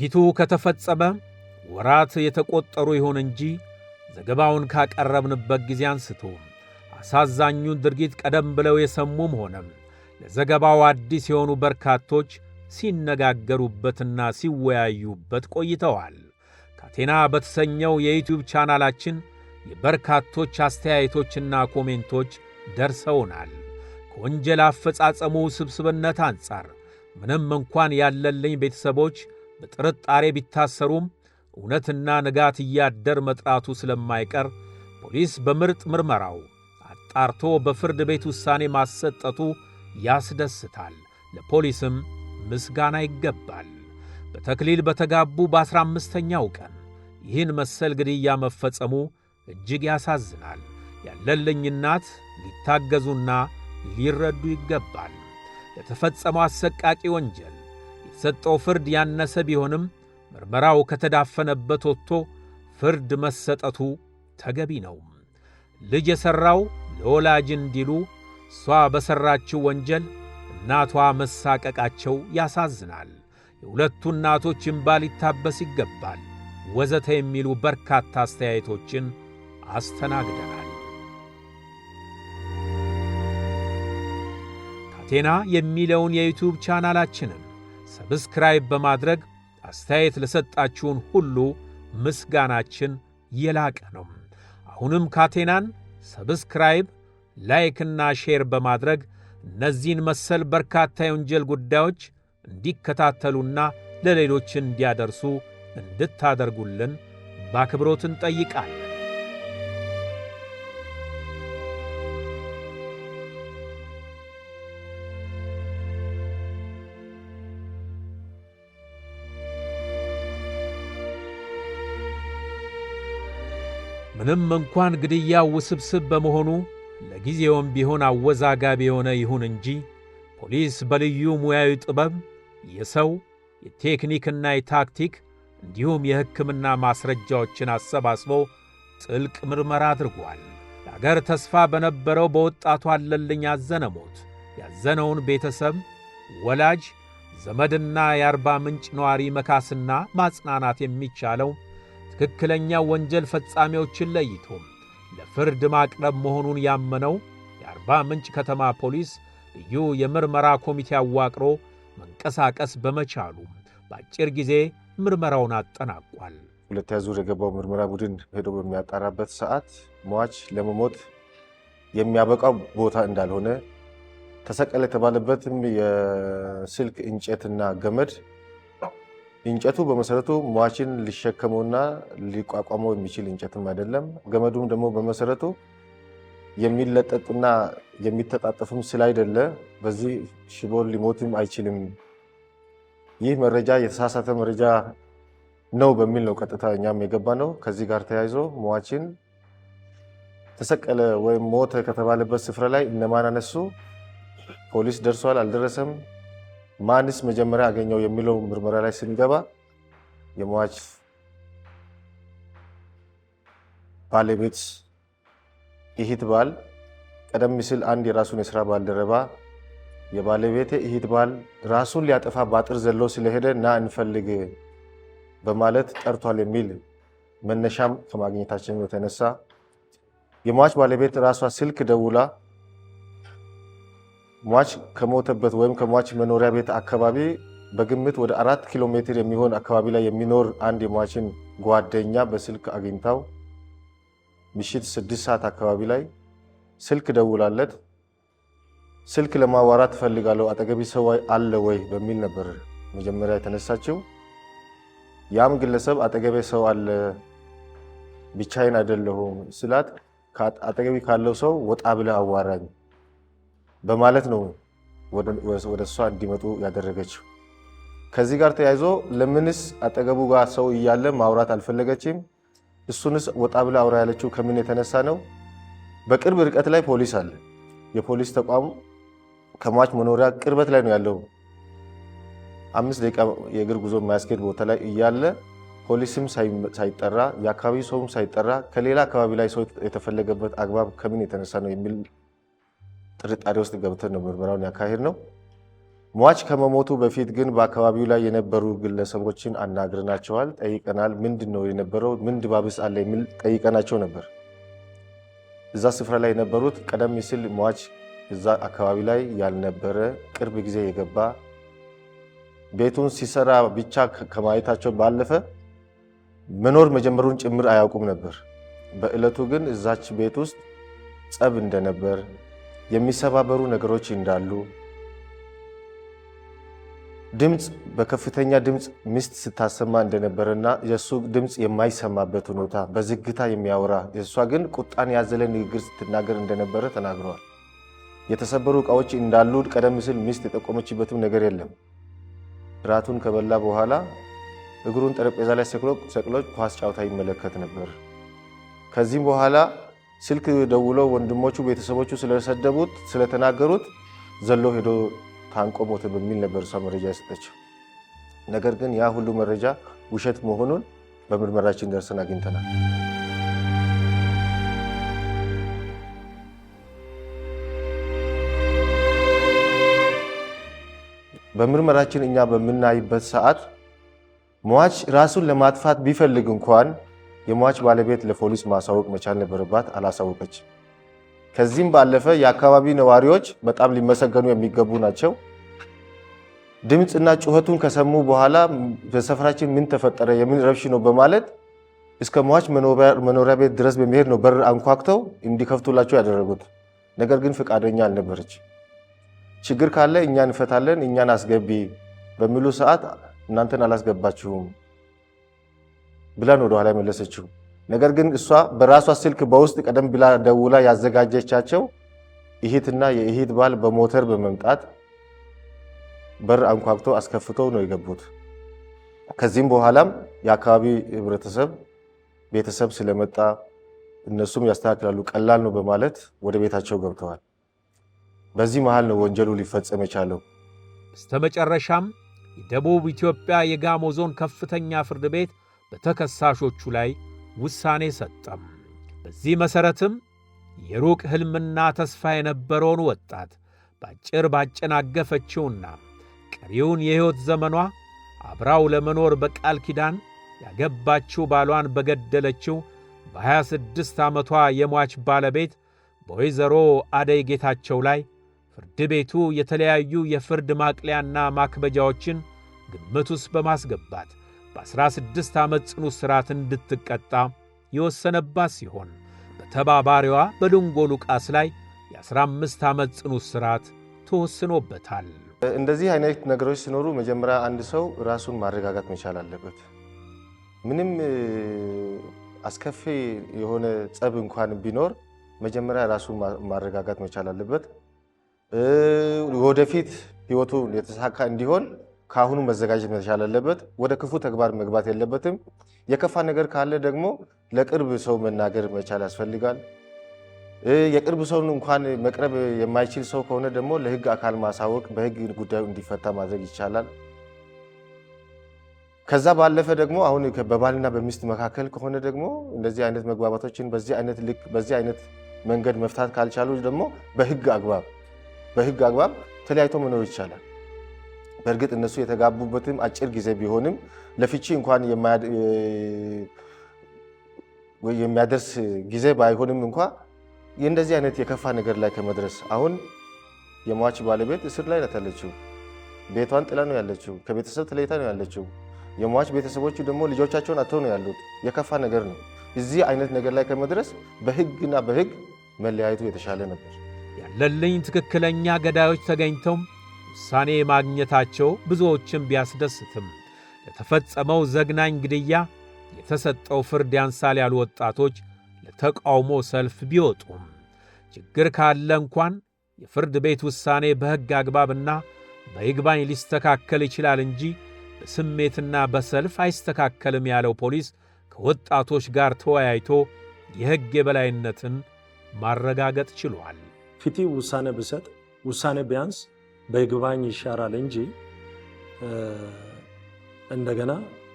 ድርጊቱ ከተፈጸመ ወራት የተቆጠሩ ይሆን እንጂ ዘገባውን ካቀረብንበት ጊዜ አንስቶ አሳዛኙን ድርጊት ቀደም ብለው የሰሙም ሆነም ለዘገባው አዲስ የሆኑ በርካቶች ሲነጋገሩበትና ሲወያዩበት ቆይተዋል። ካቴና በተሰኘው የዩትዩብ ቻናላችን የበርካቶች አስተያየቶችና ኮሜንቶች ደርሰውናል። ከወንጀል አፈጻጸሙ ስብስብነት አንጻር ምንም እንኳን ያለልኝ ቤተሰቦች በጥርጣሬ ቢታሰሩም እውነትና ንጋት እያደር መጥራቱ ስለማይቀር ፖሊስ በምርጥ ምርመራው አጣርቶ በፍርድ ቤት ውሳኔ ማሰጠቱ ያስደስታል። ለፖሊስም ምስጋና ይገባል። በተክሊል በተጋቡ በዐሥራ አምስተኛው ቀን ይህን መሰል ግድያ መፈጸሙ እጅግ ያሳዝናል። ያለልኝ እናት ሊታገዙና ሊረዱ ይገባል። ለተፈጸመው አሰቃቂ ወንጀል የሰጠው ፍርድ ያነሰ ቢሆንም ምርመራው ከተዳፈነበት ወጥቶ ፍርድ መሰጠቱ ተገቢ ነው። ልጅ የሠራው ለወላጅ እንዲሉ እሷ በሠራችው ወንጀል እናቷ መሳቀቃቸው ያሳዝናል። የሁለቱ እናቶች እምባ ሊታበስ ይገባል ወዘተ የሚሉ በርካታ አስተያየቶችን አስተናግደናል። ካቴና የሚለውን የዩቲዩብ ቻናላችንን ሰብስክራይብ በማድረግ አስተያየት ለሰጣችሁን ሁሉ ምስጋናችን የላቀ ነው። አሁንም ካቴናን ሰብስክራይብ፣ ላይክና ሼር በማድረግ እነዚህን መሰል በርካታ የወንጀል ጉዳዮች እንዲከታተሉና ለሌሎች እንዲያደርሱ እንድታደርጉልን በአክብሮት እንጠይቃለን። ምንም እንኳን ግድያው ውስብስብ በመሆኑ ለጊዜውም ቢሆን አወዛጋቢ የሆነ ይሁን እንጂ ፖሊስ በልዩ ሙያዊ ጥበብ የሰው የቴክኒክና የታክቲክ እንዲሁም የሕክምና ማስረጃዎችን አሰባስቦ ጥልቅ ምርመራ አድርጓል። ለአገር ተስፋ በነበረው በወጣቱ አለልኝ ያዘነ ሞት ያዘነውን ቤተሰብ፣ ወላጅ ዘመድና የአርባ ምንጭ ነዋሪ መካስና ማጽናናት የሚቻለው ትክክለኛ ወንጀል ፈጻሚዎችን ለይቶ ለፍርድ ማቅረብ መሆኑን ያመነው የአርባ ምንጭ ከተማ ፖሊስ ልዩ የምርመራ ኮሚቴ አዋቅሮ መንቀሳቀስ በመቻሉ በአጭር ጊዜ ምርመራውን አጠናቋል። ሁለተኛ ዙር የገባው ምርመራ ቡድን ሄዶ በሚያጣራበት ሰዓት ሟች ለመሞት የሚያበቃው ቦታ እንዳልሆነ ተሰቀለ የተባለበትም የስልክ እንጨትና ገመድ እንጨቱ በመሰረቱ ሟችን ሊሸከመውና ሊቋቋመው የሚችል እንጨትም አይደለም። ገመዱም ደግሞ በመሰረቱ የሚለጠጥና የሚተጣጠፍም ስላይደለ በዚህ ሽቦ ሊሞትም አይችልም። ይህ መረጃ የተሳሳተ መረጃ ነው በሚል ነው ቀጥታ እኛም የገባ ነው። ከዚህ ጋር ተያይዞ ሟችን ተሰቀለ ወይም ሞተ ከተባለበት ስፍራ ላይ እነማን አነሱ፣ ፖሊስ ደርሷል አልደረሰም ማንስ መጀመሪያ አገኘው የሚለው ምርመራ ላይ ስንገባ የሟች ባለቤት እህት ባል ቀደም ሲል አንድ የራሱን የስራ ባልደረባ የባለቤቴ እህት ባል ራሱን ሊያጠፋ በአጥር ዘሎ ስለሄደ ና እንፈልግ በማለት ጠርቷል የሚል መነሻም ከማግኘታችን የተነሳ የሟች ባለቤት ራሷ ስልክ ደውላ ሟች ከሞተበት ወይም ከሟች መኖሪያ ቤት አካባቢ በግምት ወደ አራት ኪሎ ሜትር የሚሆን አካባቢ ላይ የሚኖር አንድ የሟችን ጓደኛ በስልክ አግኝታው ምሽት ስድስት ሰዓት አካባቢ ላይ ስልክ ደውላለት ስልክ ለማዋራት ትፈልጋለሁ አጠገቢ ሰው አለ ወይ በሚል ነበር መጀመሪያ የተነሳችው። ያም ግለሰብ አጠገቤ ሰው አለ ብቻዬን አይደለሁም ስላት አጠገቢ ካለው ሰው ወጣ ብለህ አዋራኝ በማለት ነው ወደ እሷ እንዲመጡ ያደረገችው። ከዚህ ጋር ተያይዞ ለምንስ አጠገቡ ጋር ሰው እያለ ማውራት አልፈለገችም? እሱንስ ወጣ ብላ አውራ ያለችው ከምን የተነሳ ነው? በቅርብ ርቀት ላይ ፖሊስ አለ። የፖሊስ ተቋም ከሟች መኖሪያ ቅርበት ላይ ነው ያለው። አምስት ደቂቃ የእግር ጉዞ የማያስኬድ ቦታ ላይ እያለ ፖሊስም ሳይጠራ የአካባቢው ሰውም ሳይጠራ ከሌላ አካባቢ ላይ ሰው የተፈለገበት አግባብ ከምን የተነሳ ነው የሚል ጥርጣሬ ውስጥ ገብተን ነው ምርመራውን ያካሄድ ነው። ሟች ከመሞቱ በፊት ግን በአካባቢው ላይ የነበሩ ግለሰቦችን አናግረናቸዋል፣ ጠይቀናል። ምንድን ነው የነበረው? ምን ድባብስ አለ የሚል ጠይቀናቸው ነበር። እዛ ስፍራ ላይ የነበሩት ቀደም ሲል ሟች እዛ አካባቢ ላይ ያልነበረ ቅርብ ጊዜ የገባ ቤቱን ሲሰራ ብቻ ከማየታቸው ባለፈ መኖር መጀመሩን ጭምር አያውቁም ነበር። በእለቱ ግን እዛች ቤት ውስጥ ጸብ እንደነበር የሚሰባበሩ ነገሮች እንዳሉ ድምፅ በከፍተኛ ድምፅ ሚስት ስታሰማ እንደነበረና የእሱ ድምፅ የማይሰማበት ሁኔታ በዝግታ የሚያወራ የእሷ ግን ቁጣን ያዘለ ንግግር ስትናገር እንደነበረ ተናግረዋል። የተሰበሩ እቃዎች እንዳሉ ቀደም ሲል ሚስት የጠቆመችበትም ነገር የለም። እራቱን ከበላ በኋላ እግሩን ጠረጴዛ ላይ ሰቅሎ ኳስ ጫውታ ይመለከት ነበር። ከዚህም በኋላ ስልክ ደውሎ ወንድሞቹ ቤተሰቦቹ ስለሰደቡት ስለተናገሩት ዘሎ ሄዶ ታንቆ ሞተ በሚል ነበር እሷ መረጃ የሰጠችው። ነገር ግን ያ ሁሉ መረጃ ውሸት መሆኑን በምርመራችን ደርሰን አግኝተናል። በምርመራችን እኛ በምናይበት ሰዓት ሟች ራሱን ለማጥፋት ቢፈልግ እንኳን የሟች ባለቤት ለፖሊስ ማሳወቅ መቻል ነበረባት፣ አላሳወቀች። ከዚህም ባለፈ የአካባቢ ነዋሪዎች በጣም ሊመሰገኑ የሚገቡ ናቸው። ድምፅና ጩኸቱን ከሰሙ በኋላ በሰፈራችን ምን ተፈጠረ፣ የምን ረብሽ ነው በማለት እስከ ሟች መኖሪያ ቤት ድረስ በመሄድ ነው በር አንኳኩተው እንዲከፍቱላቸው ያደረጉት። ነገር ግን ፈቃደኛ አልነበረች። ችግር ካለ እኛ እንፈታለን፣ እኛን አስገቢ በሚሉ ሰዓት እናንተን አላስገባችሁም ብላን ወደኋላ የመለሰችው። ነገር ግን እሷ በራሷ ስልክ በውስጥ ቀደም ብላ ደውላ ያዘጋጀቻቸው እህትና የእህት ባል በሞተር በመምጣት በር አንኳኩቶ አስከፍተው ነው የገቡት። ከዚህም በኋላም የአካባቢ ህብረተሰብ ቤተሰብ ስለመጣ እነሱም ያስተካክላሉ፣ ቀላል ነው በማለት ወደ ቤታቸው ገብተዋል። በዚህ መሃል ነው ወንጀሉ ሊፈጸም የቻለው። በስተመጨረሻም የደቡብ ኢትዮጵያ የጋሞ ዞን ከፍተኛ ፍርድ ቤት በተከሳሾቹ ላይ ውሳኔ ሰጠም። በዚህ መሠረትም የሩቅ ሕልምና ተስፋ የነበረውን ወጣት ባጭር ባጨናገፈችውና ቀሪውን የሕይወት ዘመኗ አብራው ለመኖር በቃል ኪዳን ያገባችው ባሏን በገደለችው በሀያ ስድስት ዓመቷ የሟች ባለቤት በወይዘሮ አደይ ጌታቸው ላይ ፍርድ ቤቱ የተለያዩ የፍርድ ማቅለያና ማክበጃዎችን ግምት ውስጥ በማስገባት በ ስድስት ዓመት ጽኑ ሥርዓት እንድትቀጣ የወሰነባት ሲሆን በተባባሪዋ በድንጎ ሉቃስ ላይ የ አምስት ዓመት ጽኑ ሥርዓት ተወስኖበታል። እንደዚህ አይነት ነገሮች ሲኖሩ መጀመሪያ አንድ ሰው ራሱን ማረጋጋት መቻል አለበት። ምንም አስከፊ የሆነ ጸብ እንኳን ቢኖር መጀመሪያ ራሱን ማረጋጋት መቻል አለበት። ወደፊት ህይወቱ የተሳካ እንዲሆን ከአሁኑ መዘጋጀት መቻል አለበት። ወደ ክፉ ተግባር መግባት የለበትም። የከፋ ነገር ካለ ደግሞ ለቅርብ ሰው መናገር መቻል ያስፈልጋል። የቅርብ ሰውን እንኳን መቅረብ የማይችል ሰው ከሆነ ደግሞ ለሕግ አካል ማሳወቅ በሕግ ጉዳዩ እንዲፈታ ማድረግ ይቻላል። ከዛ ባለፈ ደግሞ አሁን በባልና በሚስት መካከል ከሆነ ደግሞ እንደዚህ አይነት መግባባቶችን በዚህ አይነት ልክ በዚህ አይነት መንገድ መፍታት ካልቻሉ ደግሞ በሕግ አግባብ በሕግ አግባብ ተለያይቶ መኖር ይቻላል። በእርግጥ እነሱ የተጋቡበትም አጭር ጊዜ ቢሆንም ለፍቺ እንኳን የሚያደርስ ጊዜ ባይሆንም እንኳ የእንደዚህ አይነት የከፋ ነገር ላይ ከመድረስ አሁን የሟች ባለቤት እስር ላይ ናት ያለችው። ቤቷን ጥላ ነው ያለችው። ከቤተሰብ ተለይታ ነው ያለችው። የሟች ቤተሰቦቹ ደግሞ ልጆቻቸውን አጥተው ነው ያሉት። የከፋ ነገር ነው። እዚህ አይነት ነገር ላይ ከመድረስ በህግና በህግ መለያየቱ የተሻለ ነበር። ያለልኝ ትክክለኛ ገዳዮች ተገኝተውም ውሳኔ ማግኘታቸው ብዙዎችን ቢያስደስትም ለተፈጸመው ዘግናኝ ግድያ የተሰጠው ፍርድ ያንሳል ያሉ ወጣቶች ለተቃውሞ ሰልፍ ቢወጡም ችግር ካለ እንኳን የፍርድ ቤት ውሳኔ በሕግ አግባብና በይግባኝ ሊስተካከል ይችላል እንጂ በስሜትና በሰልፍ አይስተካከልም ያለው ፖሊስ ከወጣቶች ጋር ተወያይቶ የሕግ የበላይነትን ማረጋገጥ ችሏል። ፍትህ ውሳኔ ብሰጥ ውሳኔ ቢያንስ በይግባኝ ይሻራል እንጂ እንደገና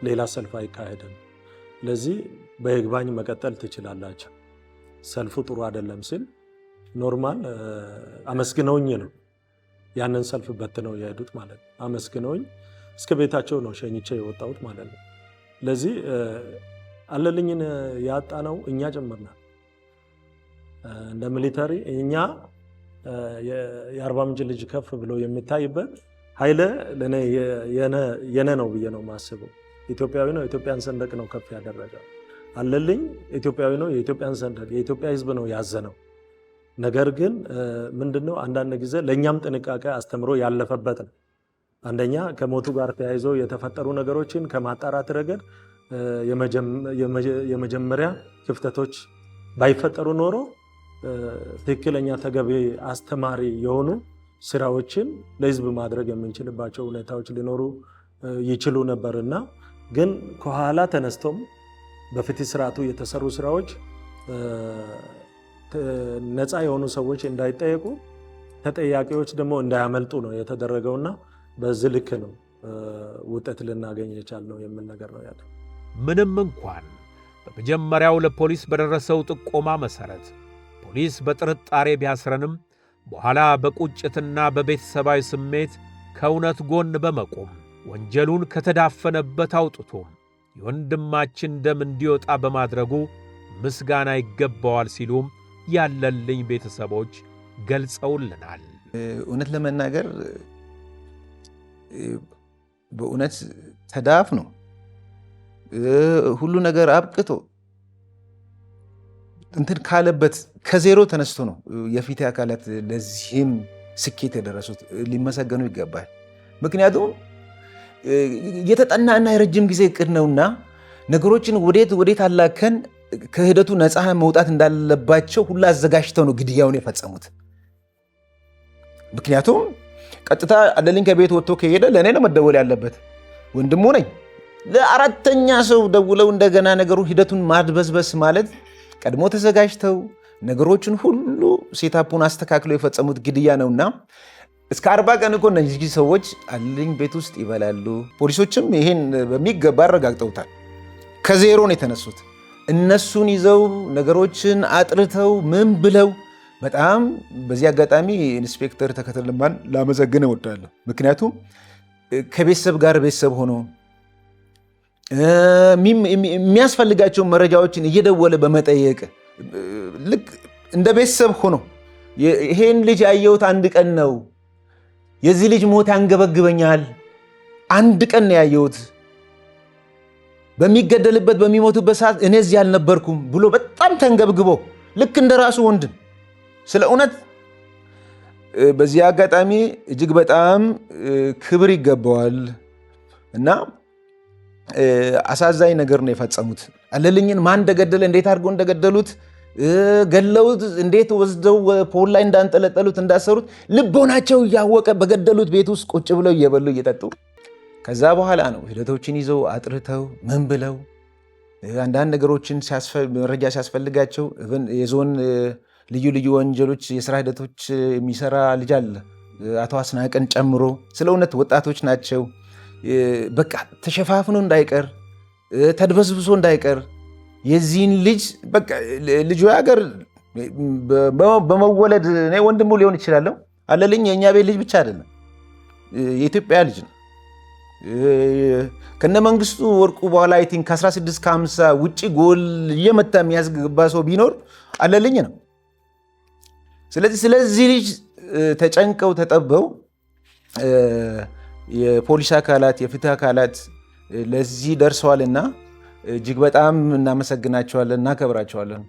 ሌላ ሰልፍ አይካሄድም። ለዚህ በይግባኝ መቀጠል ትችላላቸው። ሰልፉ ጥሩ አይደለም ሲል ኖርማል አመስግነውኝ ነው ያንን ሰልፍ በትነው የሄዱት ማለት ነው። አመስግነውኝ እስከ ቤታቸው ነው ሸኝቼ የወጣሁት ማለት ነው። ለዚህ አለልኝን ያጣነው እኛ ጀምርናል እንደ ሚሊተሪ እኛ የአርባ ምንጭ ልጅ ከፍ ብሎ የሚታይበት ኃይለ ለእኔ የነ ነው ብዬ ነው የማስበው። ኢትዮጵያዊ ነው፣ የኢትዮጵያን ሰንደቅ ነው ከፍ ያደረገ። አለልኝ ኢትዮጵያዊ ነው፣ የኢትዮጵያን ሰንደቅ የኢትዮጵያ ሕዝብ ነው ያዘነው። ነገር ግን ምንድነው አንዳንድ ጊዜ ለእኛም ጥንቃቄ አስተምሮ ያለፈበት ነው። አንደኛ ከሞቱ ጋር ተያይዞ የተፈጠሩ ነገሮችን ከማጣራት ረገድ የመጀመሪያ ክፍተቶች ባይፈጠሩ ኖሮ ትክክለኛ ተገቢ አስተማሪ የሆኑ ስራዎችን ለህዝብ ማድረግ የምንችልባቸው ሁኔታዎች ሊኖሩ ይችሉ ነበር እና ግን ከኋላ ተነስቶም በፍትህ ስርዓቱ የተሰሩ ስራዎች ነፃ የሆኑ ሰዎች እንዳይጠየቁ ተጠያቂዎች ደግሞ እንዳያመልጡ ነው የተደረገውና በዚህ ልክ ነው ውጤት ልናገኝ ነው የሚል ነገር ነው ያለው። ምንም እንኳን በመጀመሪያው ለፖሊስ በደረሰው ጥቆማ መሰረት ፖሊስ በጥርጣሬ ቢያስረንም በኋላ በቁጭትና በቤተሰባዊ ስሜት ከእውነት ጎን በመቆም ወንጀሉን ከተዳፈነበት አውጥቶ የወንድማችን ደም እንዲወጣ በማድረጉ ምስጋና ይገባዋል ሲሉም ያለልኝ ቤተሰቦች ገልጸውልናል። እውነት ለመናገር በእውነት ተዳፍ ነው ሁሉ ነገር አብቅቶ እንትን ካለበት ከዜሮ ተነስቶ ነው የፊቴ አካላት ለዚህም ስኬት የደረሱት ሊመሰገኑ ይገባል። ምክንያቱም የተጠናና የረጅም ጊዜ እቅድ ነውና ነገሮችን ወዴት ወዴት አላከን ከሂደቱ ነፃ መውጣት እንዳለባቸው ሁላ አዘጋጅተው ነው ግድያውን የፈጸሙት። ምክንያቱም ቀጥታ አለልኝ ከቤት ወጥቶ ከሄደ ለእኔ ነው መደወል ያለበት፣ ወንድሙ ነኝ። ለአራተኛ ሰው ደውለው እንደገና ነገሩ ሂደቱን ማድበስበስ ማለት ቀድሞ ተዘጋጅተው ነገሮችን ሁሉ ሴታፑን አስተካክለው የፈጸሙት ግድያ ነውና እስከ አርባ ቀን እኮ እነዚህ ሰዎች አለኝ ቤት ውስጥ ይበላሉ። ፖሊሶችም ይሄን በሚገባ አረጋግጠውታል። ከዜሮ ነው የተነሱት። እነሱን ይዘው ነገሮችን አጥርተው ምን ብለው በጣም በዚህ አጋጣሚ ኢንስፔክተር ተከተልማን ላመዘግን እወዳለሁ። ምክንያቱም ከቤተሰብ ጋር ቤተሰብ ሆኖ የሚያስፈልጋቸውን መረጃዎችን እየደወለ በመጠየቅ ልክ እንደ ቤተሰብ ሆኖ ይሄን ልጅ ያየሁት አንድ ቀን ነው፣ የዚህ ልጅ ሞት ያንገበግበኛል፣ አንድ ቀን ነው ያየሁት፣ በሚገደልበት በሚሞቱበት ሰዓት እኔ እዚህ አልነበርኩም ብሎ በጣም ተንገብግቦ ልክ እንደ ራሱ ወንድም ስለ እውነት በዚህ አጋጣሚ እጅግ በጣም ክብር ይገባዋል እና አሳዛኝ ነገር ነው የፈጸሙት። አለልኝን ማን እንደገደለ እንዴት አድርገው እንደገደሉት ገለውት እንዴት ወስደው ፖል ላይ እንዳንጠለጠሉት እንዳሰሩት ልቦናቸው እያወቀ በገደሉት ቤት ውስጥ ቁጭ ብለው እየበሉ እየጠጡ ከዛ በኋላ ነው ሂደቶችን ይዘው አጥርተው ምን ብለው አንዳንድ ነገሮችን መረጃ ሲያስፈልጋቸው የዞን ልዩ ልዩ ወንጀሎች የስራ ሂደቶች የሚሰራ ልጅ አለ አቶ አስናቀን ጨምሮ ስለ እውነት ወጣቶች ናቸው። በቃ ተሸፋፍኖ እንዳይቀር ተድበስብሶ እንዳይቀር የዚህን ልጅ በቃ ልጁ ሀገር በመወለድ እኔ ወንድሙ ሊሆን ይችላለሁ አለልኝ። የእኛ ቤት ልጅ ብቻ አይደለም፣ የኢትዮጵያ ልጅ ነው። ከነ መንግስቱ ወርቁ በኋላ ቲንክ ከ16 ከ50 ውጭ ጎል እየመታ የሚያስገባ ሰው ቢኖር አለልኝ ነው። ስለዚህ ስለዚህ ልጅ ተጨንቀው ተጠበው የፖሊስ አካላት፣ የፍትህ አካላት ለዚህ ደርሰዋልና እጅግ በጣም እናመሰግናቸዋለን፣ እናከብራቸዋለን።